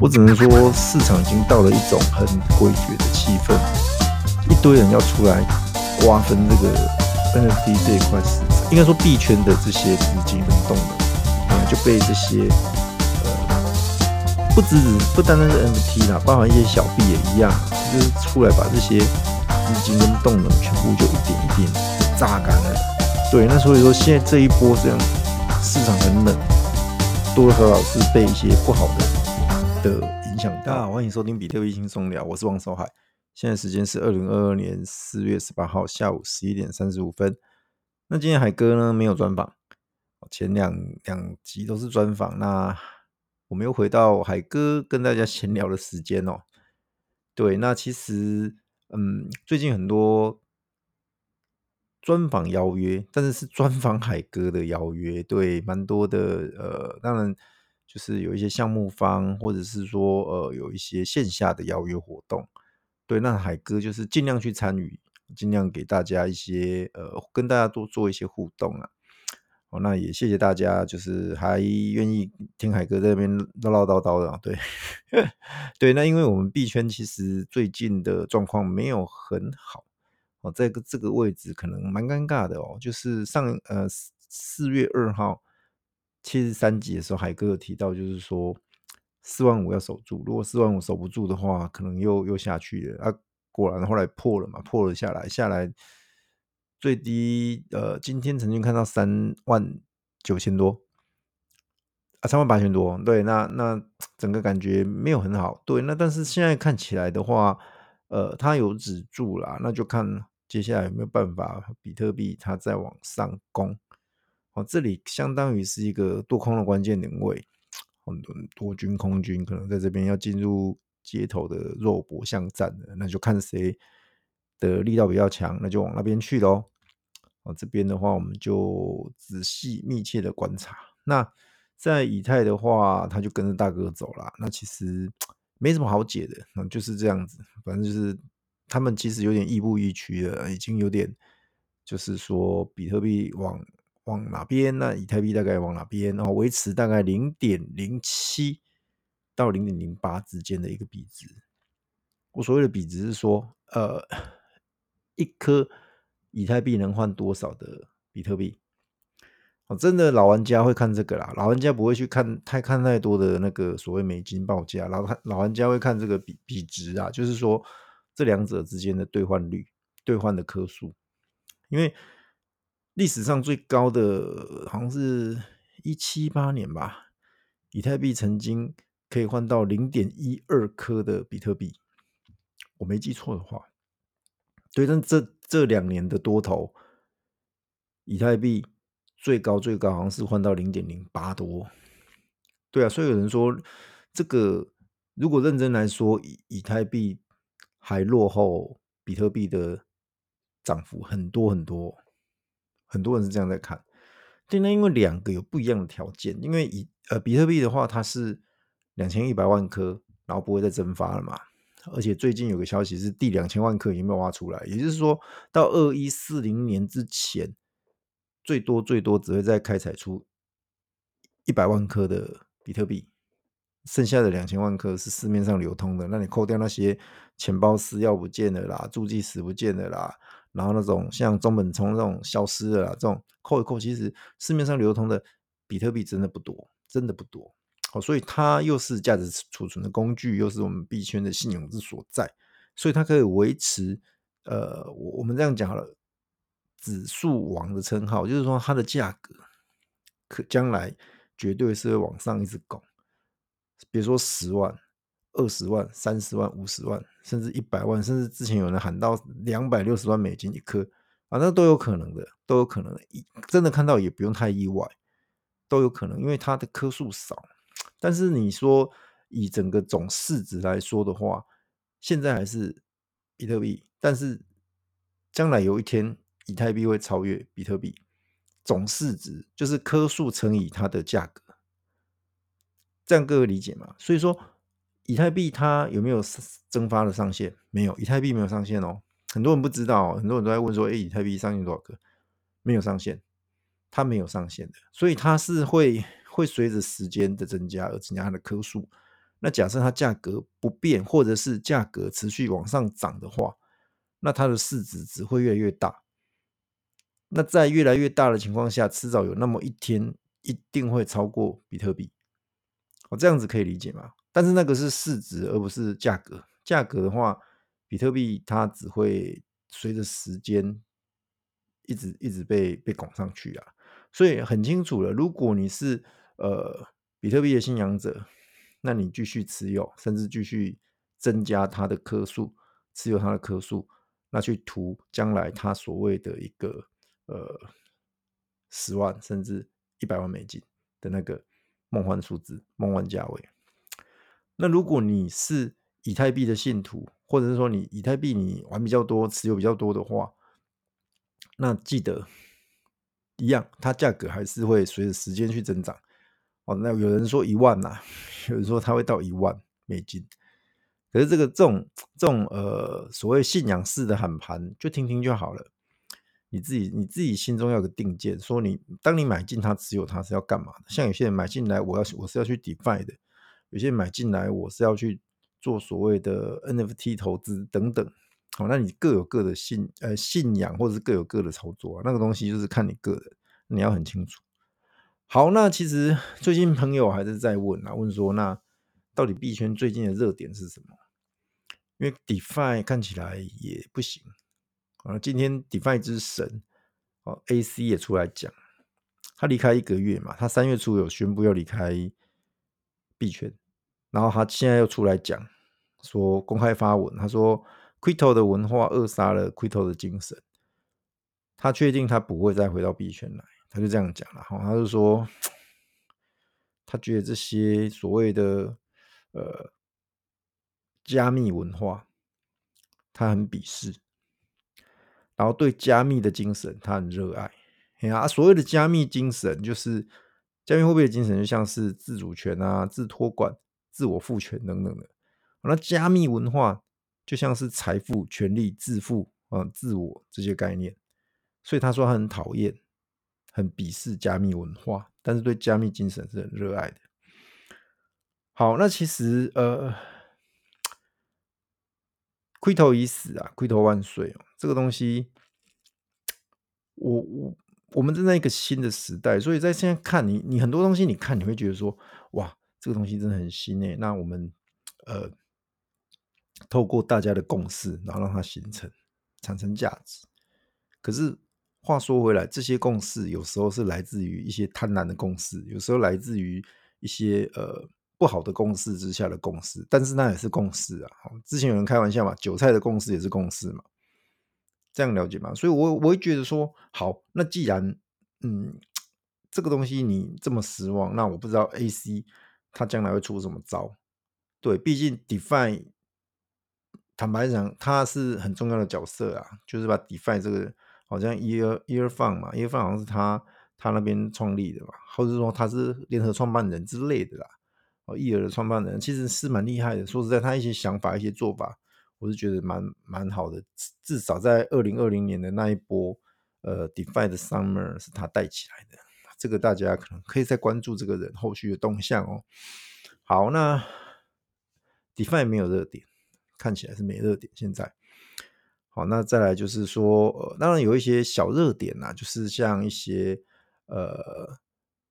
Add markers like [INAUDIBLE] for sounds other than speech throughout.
我只能說，市場已經到了一種很詭譎的氣氛，一堆人要出來瓜分這個 NFT 這一塊市場，應該說幣圈的這些資金跟動能，就被這些呃，不止，不單單是 NFT 啦，包含一些小幣也一樣，就是出來把這些資金跟動能全部就一點一點榨乾了。對，那所以說現在這一波這樣，市場很冷，多多少少是被一些不好的。的影響大。大歡迎收聽《比特幣輕鬆聊》，我是王守海。現在時間是二零二二年四月十八號下午十一點三十五分。那今天海哥呢沒有專訪，前兩兩集都是專訪。那我們又回到海哥跟大家閒聊的時間哦。對，那其實嗯，最近很多專訪邀約，但是是專訪海哥的邀約，對，蠻多的。呃，當然。就是有一些項目方，或者是說呃，有一些線下的邀約活動，對，那海哥就是儘量去參與，儘量給大家一些呃，跟大家多做一些互動啊。好、哦，那也謝謝大家，就是還願意聽海哥在這邊嘮嘮叨叨,叨的、啊，對， [LAUGHS] 對。那因為我們幣圈其實最近的狀況沒有很好，哦，在這個這個位置可能蠻尷尬的哦，就是上呃四月二號。七十三集的時候，海哥提到就是說四萬五要守住，如果四萬五守不住的話，可能又又下去了。啊，果然後來破了嘛，破了下來，下來最低呃，今天曾經看到三萬九千多啊，三萬八千多。對，那那整個感覺沒有很好。對，那但是現在看起來的話，呃，他有止住了，那就看接下來有沒有辦法比特幣它再往上攻。這裡相當於是一個多空的關鍵點位，很多多軍空軍可能在這邊要進入街頭的肉搏巷戰了，那就看誰的力道比較強，那就往那邊去嘍。哦，這邊的話我們就仔細密切的觀察。那在以太的話，他就跟着大哥走啦。那其實沒什麼好解的，那就是這樣子，反正就是他們其實有點亦步亦趨的，已經有點就是說比特幣往。往哪邊、啊？那以太幣大概往哪邊、哦？然後維持大概零點零七到零點零八之間的一個比值。我所謂的比值是說，呃，一顆以太幣能換多少的比特幣？哦，真的老玩家會看這個啦。老玩家不會去看太看太多的那個所謂美金報價，老老玩家會看這個比比值啊，就是說這兩者之間的兌換率、兌換的顆數，因為，歷史上最高的好像是一七八年吧，以太幣曾經可以換到零點一二顆的比特幣，我沒記錯的話。對，但這這兩年的多頭，以太幣最高最高好像是換到零點零八多。對啊，所以有人說，這個，如果認真來說以，以太幣還落後比特幣的漲幅很多很多。很多人是這樣在看，對，那因為兩個有不一樣的條件，因為以呃比特幣的話，它是兩千一百萬顆，然後不會再增發了嘛，而且最近有個消息是第兩千萬顆已經被挖出來，也就是說到二一四零年之前，最多最多只會再開採出一百萬顆的比特幣，剩下的兩千萬顆是市面上流通的，那你扣掉那些錢包私鑰不見了啦，助記詞不見了啦。然後那種像中本聰這種消失的啊，這種扣一扣，其實市面上流通的比特幣真的不多，真的不多。哦，所以它又是價值儲存的工具，又是我們幣圈的信用之所在，所以它可以維持呃，我我們這樣講好了，指數王的稱號，就是說它的價格可將來絕對是會往上一直拱，比如說十萬。二十萬、三十萬、五十萬，甚至一百萬，甚至之前有人喊到兩百六十萬美金一顆，反正，啊，都有可能的，都有可能的，真的看到也不用太意外，都有可能。因為它的顆數少，但是你說以整個總市值來說的話，現在還是比特幣，但是將來有一天以太幣會超越比特幣總市值，就是顆數乘以它的價格，這樣各位理解嗎？所以說。以太幣它有沒有增發的上限？沒有，以太幣沒有上限哦、喔。很多人不知道、喔，很多人都在問說：“哎、欸，以太幣上限多少個？”沒有上限，它沒有上限的，所以它是會會隨着時間的增加而增加它的顆數。那假設它價格不變，或者是價格持續往上漲的話，那它的市值只會越來越大。那在越來越大的情況下，遲早有那麼一天一定會超過比特幣。哦，這樣子可以理解嗎？但是那個是市值，而不是價格。價格的話，比特幣它只會隨着時間一直一直被被拱上去啊。所以很清楚了，如果你是呃比特幣的信仰者，那你繼續持有，甚至繼續增加它的顆數，持有它的顆數，那去圖將來它所謂的一個呃十萬甚至一百萬美金的那個夢幻數字、夢幻價位。那如果你是以太幣的信徒，或者是說你以太幣你玩比較多、持有比較多的話，那記得一樣，它價格還是會隨着時間去增長哦。那有人說一萬吶、啊，有人說它會到一萬美金，可是這個這種這種呃所謂信仰式的喊盤，就聽聽就好了。你自己你自己心中要有個定見，說你當你買進它、持有它是要幹嘛的。像有些人買進來，我要我是要去 DeFi 的。有些買進來，我是要去做所謂的 NFT 投資等等，哦，好，那你各有各的信呃信仰，或者是各有各的操作，啊，那個東西就是看你個人，你要很清楚。好，那其實最近朋友還是在問啊，問說那到底幣圈最近的熱點是什麼？因為 Defi 看起來也不行啊，今天 Defi 之神哦，AC 也出來講，他離開一個月嘛，他三月初有宣布要離開幣圈。然後他現在又出來講，說公開發文，他說 Crypto 的文化扼殺了 Crypto 的精神。他確定他不會再回到幣圈來，他就這樣講了。然後他就說，他覺得這些所謂的呃加密文化，他很鄙視。然後對加密的精神，他很熱愛啊。啊，所謂的加密精神，就是加密貨幣的精神，就像是自主權啊、自托管。自我賦權等等的，那加密文化就像是財富、權力、自負啊、嗯、自我這些概念，所以他說他很討厭、很鄙視加密文化，但是對加密精神是很熱愛的。好，那其實呃，Crypto 已死啊，Crypto 萬歲哦！這個東西，我我我們正在一個新的時代，所以在現在看你，你很多東西，你看你會覺得說。這個東西真的很新，欸，那我們，呃，透過大家的共識，然後讓它形成，產生價值。可是話說回來，這些共識有時候是來自於一些貪婪的共識，有時候來自於一些呃不好的共識之下的共識，但是那也是共識啊。之前有人開玩笑嘛，韭菜的共識也是共識嘛，這樣了解嗎？所以我，我我會覺得說，好，那既然嗯，這個東西你這麼失望，那我不知道 AC。他將來會出什麼招？對，畢竟 Defi 坦白講，他是很重要的角色啊，就是把 Defi 這個好像 Yearn Yearn Finance 嘛，Yearn Finance 好像是他他那邊創立的嘛，或者說他是聯合創辦人之類的啦、e。哦，Yearn 的創辦人其實是蠻厲害的，說實在，他一些想法、一些做法，我是覺得蠻蠻好的，至少在二零二零年的那一波呃 Defi 的 Summer 是他帶起來的。這個大家可能可以再關注這個人後續的動向哦。好，那 DeFi 沒有熱點，看起來是沒熱點現在。好，那再來就是說，呃，當然有一些小熱點啦、啊，就是像一些呃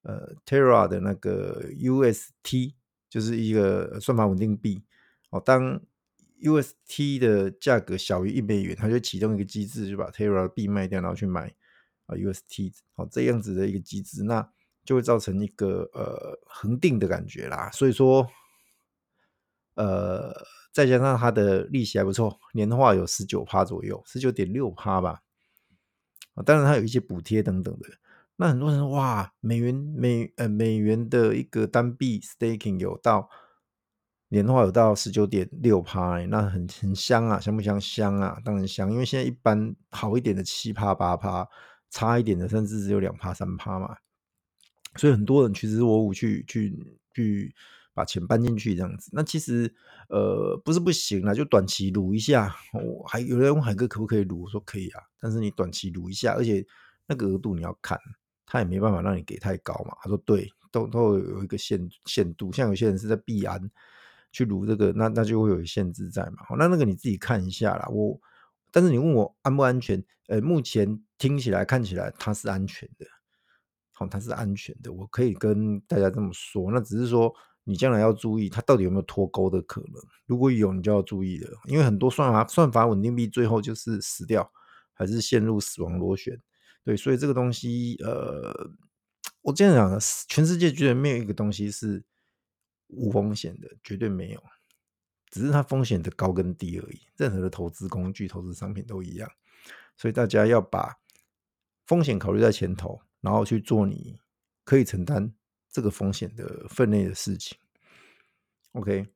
呃 Terra 的那個 UST，就是一個算法穩定幣。哦，當 UST 的價格小於一美元，它就啟動一個機制，就把 Terra 的幣賣掉，然後去買。啊，UST 好，UST，好，這樣子的一個機制，那就會造成一個呃恆定的感覺啦。所以說，呃，再加上它的利息還不錯，年化有十九趴左右，十九點六趴吧。當然它有一些補貼等等的。那很多人說，哇，美元美元呃美元的一個單幣 staking 有到年化有到十九點六趴，欸，那很很香啊，香不香？香啊，當然香，因為現在一般好一點的七趴、八趴。差一點的，甚至只有兩趴三趴嘛，所以很多人其實我去去去把錢搬進去這樣子。那其實呃不是不行了，就短期擼一下、哦。還有人問海哥可不可以擼？我說可以啊，但是你短期擼一下，而且那個額度你要看，他也沒辦法讓你給太高嘛。他說對，都都有一個限限度。像有些人是在幣安去擼這個，那那就會有限制在嘛、哦。那那個你自己看一下啦，我。但是你問我安不安全？呃，目前聽起來看起來它是安全的，好、哦，它是安全的，我可以跟大家這麼說。那只是說你將來要注意，它到底有沒有脫鈎的可能？如果有，你就要注意了，因為很多算法、算法穩定幣最後就是死掉，還是陷入死亡螺旋。對，所以這個東西，呃，我這樣講，全世界居然沒有一個東西是無風險的，絕對沒有。只是它風險的高跟低而已，任何的投資工具、投資商品都一樣，所以大家要把風險考慮在前頭，然後去做你可以承擔這個風險的分內的事情。OK，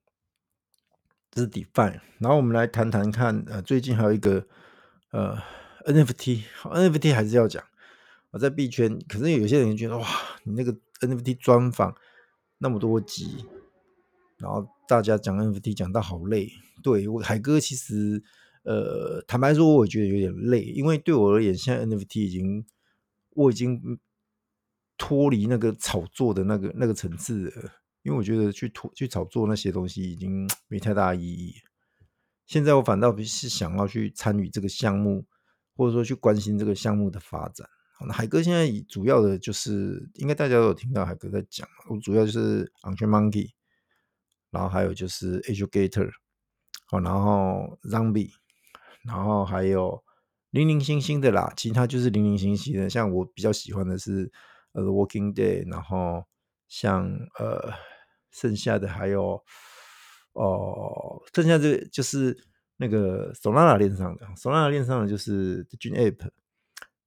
這是 DeFi。然後我們來談談看，呃，最近還有一個呃 NFT，NFT 還是要講。我在幣圈，可是有些人覺得哇，你那個 NFT 專訪那麼多集。然後大家講 NFT 講到好累，對，我海哥其實，呃，坦白說我也覺得有點累，因為對我而言，現在 NFT 已經我已經脫離那個炒作的那個那個層次了，因為我覺得去脫去炒作那些東西已經沒太大意義。現在我反倒不是想要去參與這個項目，或者說去關心這個項目的發展。好，那海哥現在主要的就是，應該大家都有聽到海哥在講，我主要就是 Angry Monkey。然後還有就是 Educator，哦，然後 Zombie，然後還有零零星星的啦，其他就是零零星星的。像我比較喜歡的是呃 Walking Day，然後像呃剩下的還有哦、呃，剩下這就是那個 Solana 鏈上的 Solana 鏈上的就是 The Jun App，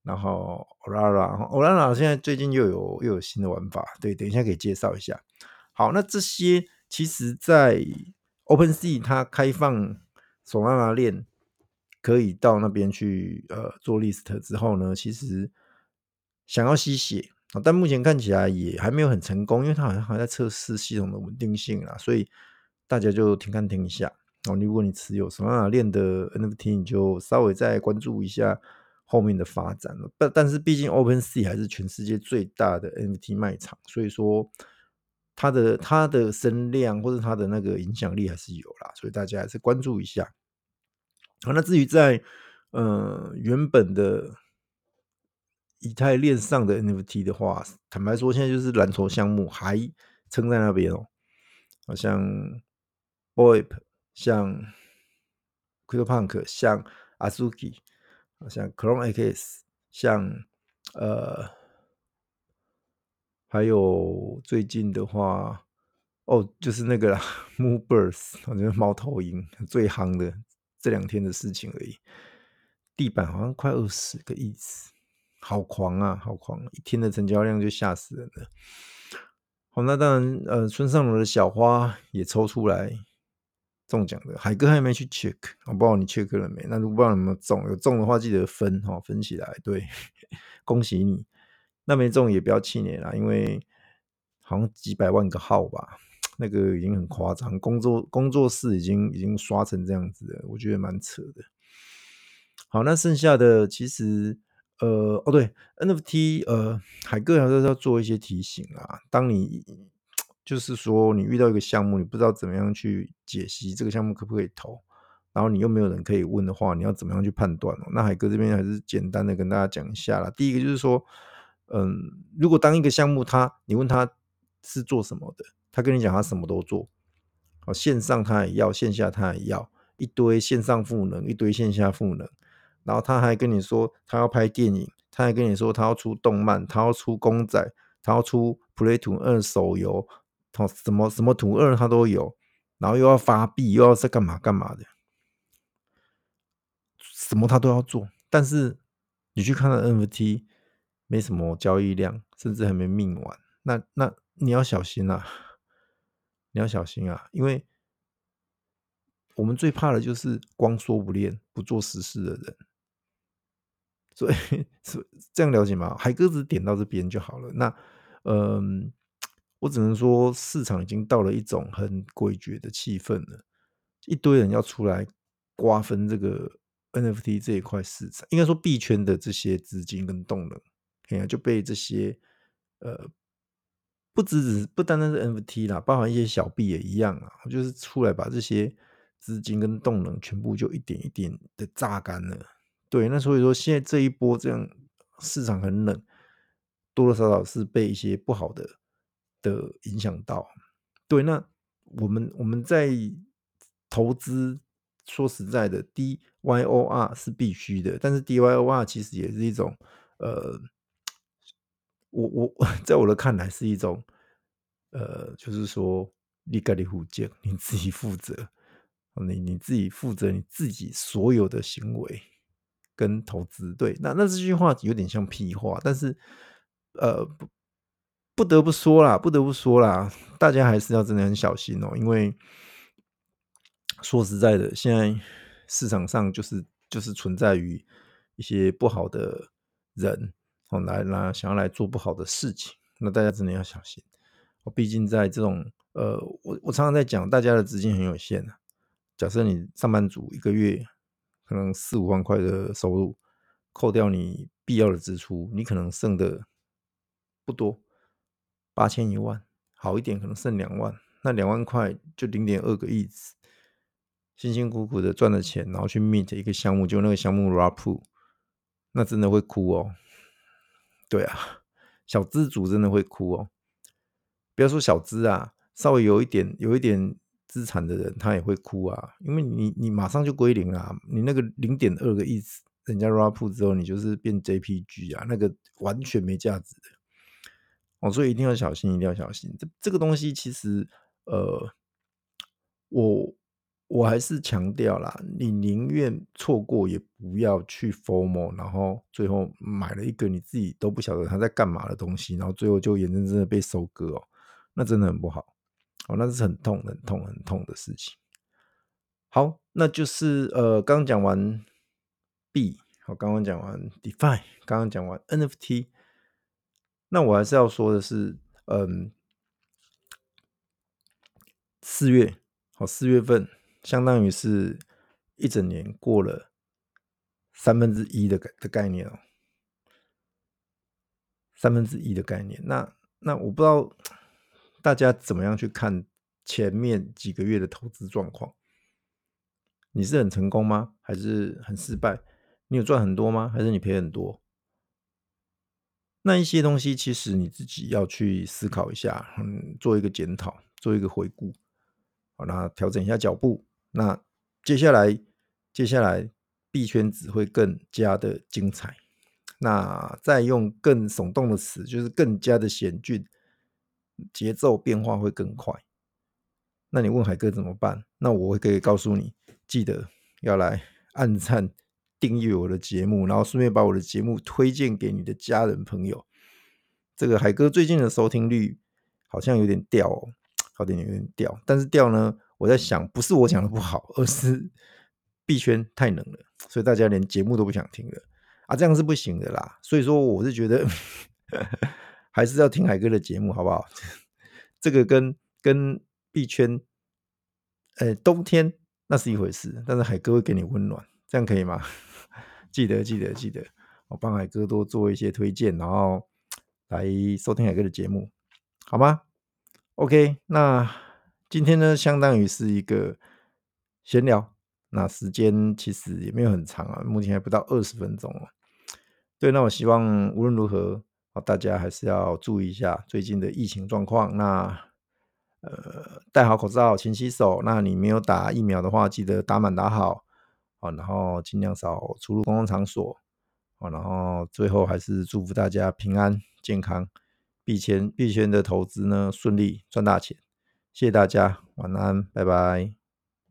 然後歐拉拉，然後歐拉拉現在最近又有又有新的玩法，對，等一下可以介紹一下。好，那這些。其實，在 OpenSea 它開放 Solana 鏈，可以到那邊去呃做 list 之後呢，其實想要吸血，但目前看起來也還沒有很成功，因為它好像還在測試系統的穩定性啊，所以大家就停看聽一下哦。如果你持有 Solana 鏈的 NFT，你就稍微再關注一下後面的發展了。但但是畢竟 OpenSea 還是全世界最大的 NFT 賣場，所以說。它的它的聲量或者它的那個影響力還是有啦，所以大家還是關注一下。好、啊，那至於在嗯、呃、原本的以太鏈上的 NFT 的話，坦白說，現在就是藍籌項目還撐在那邊哦，像 Boyip，像 Crypto Punk，像 Azuki，像 CloneX，像呃。還有最近的話，哦，就是那個啦 Moonbirds，反正貓頭鷹最夯的這兩天的事情而已。地板好像快二十個億、e，好狂啊，好狂！一天的成交量就嚇死人了好、哦，那當然，呃，村上隆的小花也抽出來中獎的，海哥還沒去 check，我不知道你 check 了沒？那如果不知道有沒有中，有中的話記得分哈、哦，分起來。對， [LAUGHS] 恭喜你。那沒中也不要氣餒啦，因為好像幾百萬個號吧，那個已經很誇張。工作工作室，已經已經刷成這樣子了，我覺得蠻扯的。好，那剩下的其實，呃，哦對，NFT，呃，海哥還是要做一些提醒啊。當你就是說你遇到一個項目，你不知道怎麼樣去解析這個項目可不可以投，然後你又沒有人可以問的話，你要怎麼樣去判斷。哦，那海哥這邊還是簡單的跟大家講一下啦。第一個就是說，嗯，如果當一個項目他，他你問他是做什麼的，他跟你講他什麼都做，好、哦、線上他也要，線下他也要，一堆線上賦能，一堆線下賦能，然後他還跟你說他要拍電影，他還跟你說他要出動漫，他要出公仔，他要出 Play to earn 手遊，他什麼什麼 to earn 他都有，然後又要發幣，又要在幹嘛幹嘛的，什麼他都要做，但是你去看他 NFT 沒什麼交易量，甚至還沒命完，那那你要小心啊，你要小心啊，因為我們最怕的就是光說不練、不做實事的人，所以是這樣了解嗎？海哥只點到這邊就好了。那嗯，我只能說市場已經到了一種很詭譎的氣氛了，一堆人要出來瓜分這個 NFT 這一塊市場，應該說幣圈的這些資金跟動能。就被這些呃，不只是不單單是 NFT 啦，包含一些小幣也一樣啊，就是出來把這些資金跟動能全部就一點一點的榨乾了。對，那所以說現在這一波這樣市場很冷，多多少少是被一些不好的的影響到。對，那我們我們在投資，說實在的，DYOR 是必須的，但是 DYOR 其實也是一種呃。我我在我的看來是一種，呃，就是說立竿見影，你自己負責，你你自己負責你自己所有的行為跟投資。對，那那這句話有點像屁話，但是呃不，不得不說啦，不得不說啦，大家還是要真的很小心哦，因為說實在的，現在市場上就是就是存在於一些不好的人。來，拿想要來做不好的事情，那大家真的要小心。我畢竟在這種，呃，我我常常在講，大家的資金很有限啊，假設你上班族一個月可能四五萬塊的收入，扣掉你必要的支出，你可能剩的不多，八千一萬，好一點可能剩兩萬。那兩萬塊就零點二個億，辛辛苦苦的賺的錢，然後去 meet 一個項目，就那個項目 rap，那真的會哭哦。對啊，小資族真的會哭哦。不要說小資啊，稍微有一點有一點資產的人，他也會哭啊。因為你你馬上就歸零啊，你那個零點二個億，人家 wrap 之後，你就是變 JPG 啊，那個完全沒價值的。哦，所以一定要小心，一定要小心。這、這個東西其實，呃，我。我還是強調啦，你寧願錯過，也不要去 FOMO，然後最後買了一個你自己都不曉得他在幹嘛的東西，然後最後就眼睜睜的被收割哦，那真的很不好，哦，那是很痛、很痛、很痛的事情。好，那就是呃，剛，剛講完 B 我、哦、剛剛講完 defi，剛剛講完 NFT，那我還是要說的是，嗯，四月，好、哦，四月份。相當於是，一整年過了三分之一的概的概念哦、喔，三分之一的概念。那那我不知道大家怎麼樣去看前面幾個月的投資狀況？你是很成功嗎？還是很失敗？你有賺很多嗎？還是你賠很多？那一些東西其實你自己要去思考一下，嗯，做一個檢討，做一個回顧，好啦，那調整一下腳步。那接下來，接下來幣圈子會更加的精彩。那再用更聳動的詞，就是更加的險峻，節奏變化會更快。那你問海哥怎麼辦？那我可以告訴你，記得要來按讚、訂閱我的節目，然後順便把我的節目推薦給你的家人朋友。這個海哥最近的收聽率好像有點掉哦，好點有點掉，但是掉呢？我在想，不是我講的不好，而是幣圈太冷了，所以大家連節目都不想聽了啊！這樣是不行的啦。所以說，我是覺得呵呵還是要聽海哥的節目，好不好？這個跟跟幣圈，呃、欸，冬天那是一回事，但是海哥會給你溫暖，這樣可以嗎？記得記得記得，我幫海哥多做一些推薦，然後來收聽海哥的節目，好嗎？OK，那。今天呢，相當於是一個閒聊。那時間其實也沒有很長啊，目前還不到二十分鐘哦、啊。對，那我希望無論如何，大家還是要注意一下最近的疫情狀況。那呃，戴好口罩好，勤洗手。那你沒有打疫苗的話，記得打滿打好。啊，然後盡量少出入公共場所。啊，然後最後還是祝福大家平安健康，幣圈幣圈的投資呢，順利賺大錢。謝謝大家，晚安，拜拜。